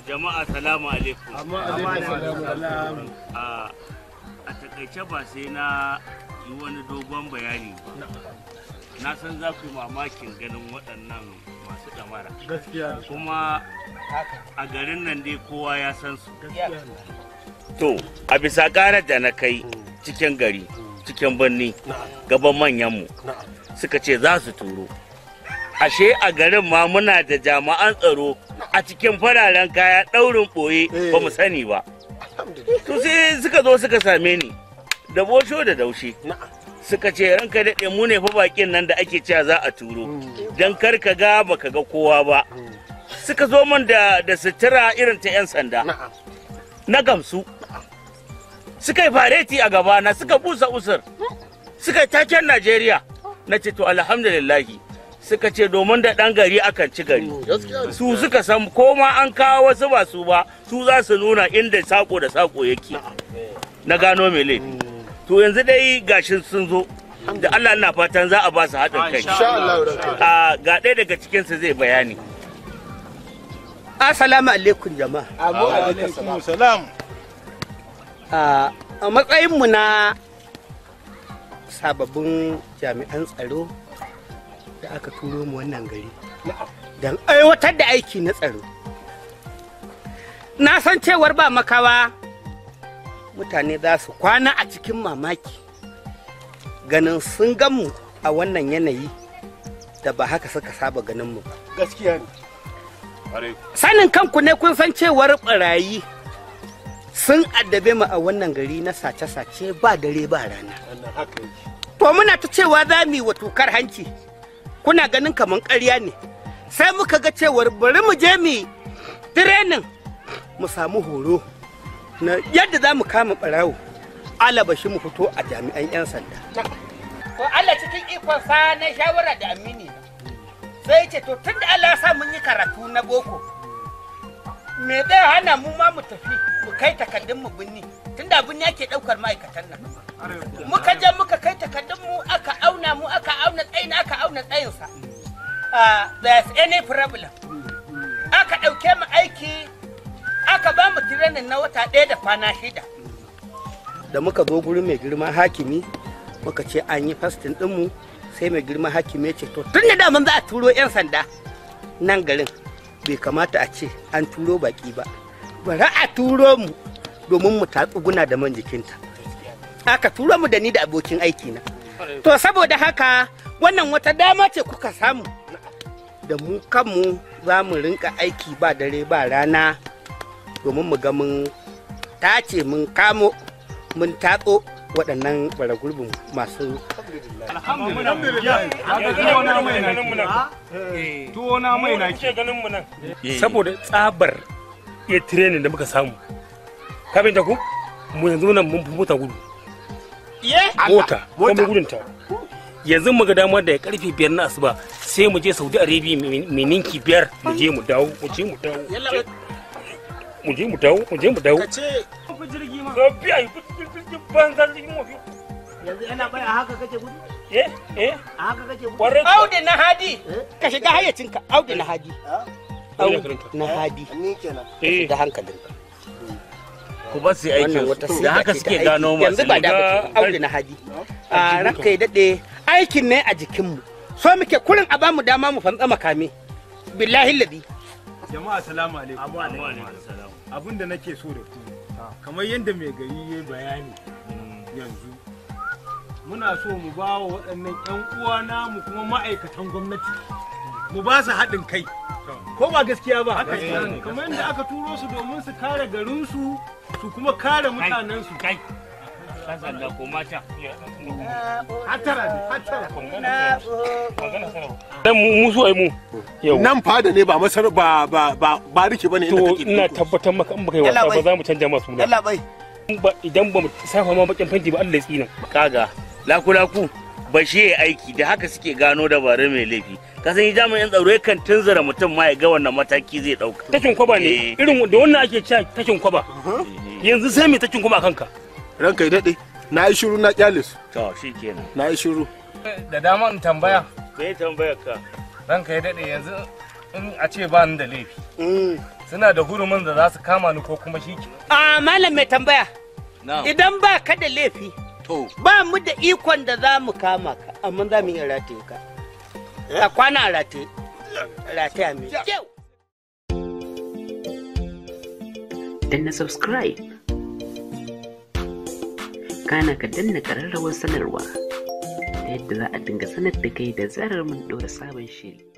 jama'a salamu alaikum a takaice ba sai na yi wani dogon bayani ba na san za ku mamakin ganin waɗannan masu ɗamara kuma a garin nan dai kowa ya san su to a bisa ƙarar da na kai cikin gari cikin birni gaban manyanmu suka ce za su turo ashe a garin ma muna da jama'an tsaro a cikin fararen kaya ɗaurin ɓoye ba mu eh. sani ba to sai suka zo suka same ni da bosho da daushe suka ce ranka daɗe mu ne fa bakin nan da ake cewa za a turo hmm. don kar ka ga ba ka ga kowa ba hmm. suka zo min da da sutura irin ta 'yan sanda na gamsu suka yi fareti a gabana suka busa usur hmm. suka yi taken najeriya na ce to alhamdulillahi suka ce domin da ɗan gari akan ci gari mm. su suka san koma an kawo wasu ba su ba su za su nuna inda sako da sako yake na gano mai laifi mm. to yanzu dai gashin sun zo da Allah na fatan za a ba su haɗin kai ah, ga ɗaya daga cikinsu zai bayani assalamu alaikum jama'a ah, a matsayinmu na sababbin jami'an tsaro da aka turo mu wannan gari don aiwatar da aiki na tsaro na san cewar ba makawa mutane za su kwana a cikin mamaki ganin sun ganmu a wannan yanayi da ba haka suka saba ganin mu ba gaskiya ne sanin kanku ne kun san cewar barayi sun addabe mu a wannan gari na sace-sace ba dare ba rana to muna ta cewa za mu yi wa tukar hanci kuna ganin kamar ƙarya ne sai muka ga cewar bari mu je mu tirenin mu samu horo na yadda za mu kama barawo alabashi mu fito a jami'an 'yan sanda to Allah cikin ikon sa na shawara da amini sai ce to tun da Allah sa mun yi karatu na boko me zai hana mu ma mu tafi mu kai takardun mu binni tunda abin yake daukar ma'aikatan nan muka je muka kai takardun mu aka auna tsayin aka auna tsayinsa ah, any problem aka ɗauke mu aiki aka ba tirenin na wata ɗaya da kwana shida da muka zo gurin mai girma hakimi muka ce an yi fastin ɗinmu sai mai girma hakimi ya ce to tun da mun za a turo 'yan sanda nan garin bai kamata a ce an turo baki ba bari a turo mu domin mu tatsuguna da man jikinta aka turo mu da ni da abokin aiki na to saboda haka wannan wata dama ce kuka samu da mu kanmu za mu rinka aiki ba dare ba rana domin mu ga mun tace mun kamo mun tatso waɗannan baragurbin masu saboda tsabar iya tirenin da muka samu kafin ta ku mu yanzu nan mun fi mutan gudu mota kuma gudun ta yanzu mu ga damar da ya karfe biyar na asuba sai mu je saudi arabia mai ninki biyar mu je mu dawo mu je mu dawo mu je mu dawo mu je mu dawo ka ce ku jirgi ma biya yi jirgin banza jirgin mafi yanzu yana bai a haka kake gudu eh eh a haka kake gudu audu na hadi eh? ka shiga hayyacinka audu na hadi eh? audu na hadi ni kenan da eh. hankalinka ku ba su aikin da haka suke gano masu yanzu ba da aure na haji a ranka ya dade aikin ne a jikinmu so muke kurin a bamu dama mu fantsa makami billahi ladi jama'a salamu alaikum abun da nake so da ku kamar yadda mai gari ya bayani yanzu muna so mu ba wa waɗannan 'yan uwa namu kuma ma'aikatan gwamnati mu ba su haɗin kai ko ba gaskiya ba kamar yadda aka turo su domin su kare garinsu su kuma kare mutanensu kai sanda ko mata hatara ne hatara dan mu so ai mu nan fada ne ba masar ba ba ba rike bane inda kake ina tabbatar maka in baka yi wasa ba za mu canja masu mu Allah bai idan ba mu safa ma bakin fanti ba Allah ya tsina kaga laku laku ba shi ya aiki da haka suke gano dabarun mai laifi kasan yi jami'in tsaro yakan tunzura mutum ma ya ga wannan mataki zai dauka tashin kwaba ne eh. irin da wannan ake cewa tashin kwaba uh-huh. yanzu sai mai tashin kwaba kanka ranka daɗe na yi shiru na kyale su to shi kenan na yi shiru da dama in tambaya me tambayar ka ranka daɗe yanzu in a ce ba ni da laifi mm. suna da hurumin da za su kama ni ko kuma shi a ah, malam mai tambaya idan ba ka da laifi Ba mu da ikon da za mu kama ka, amma za mu iya rataye ka. Eh? Ka kwana rataye. Rataya mai kyau. Danna subscribe. Kana ka danna kararrawar sanarwa ta yadda za a dinga sanar da kai da zarar mun ɗora sabon shiri.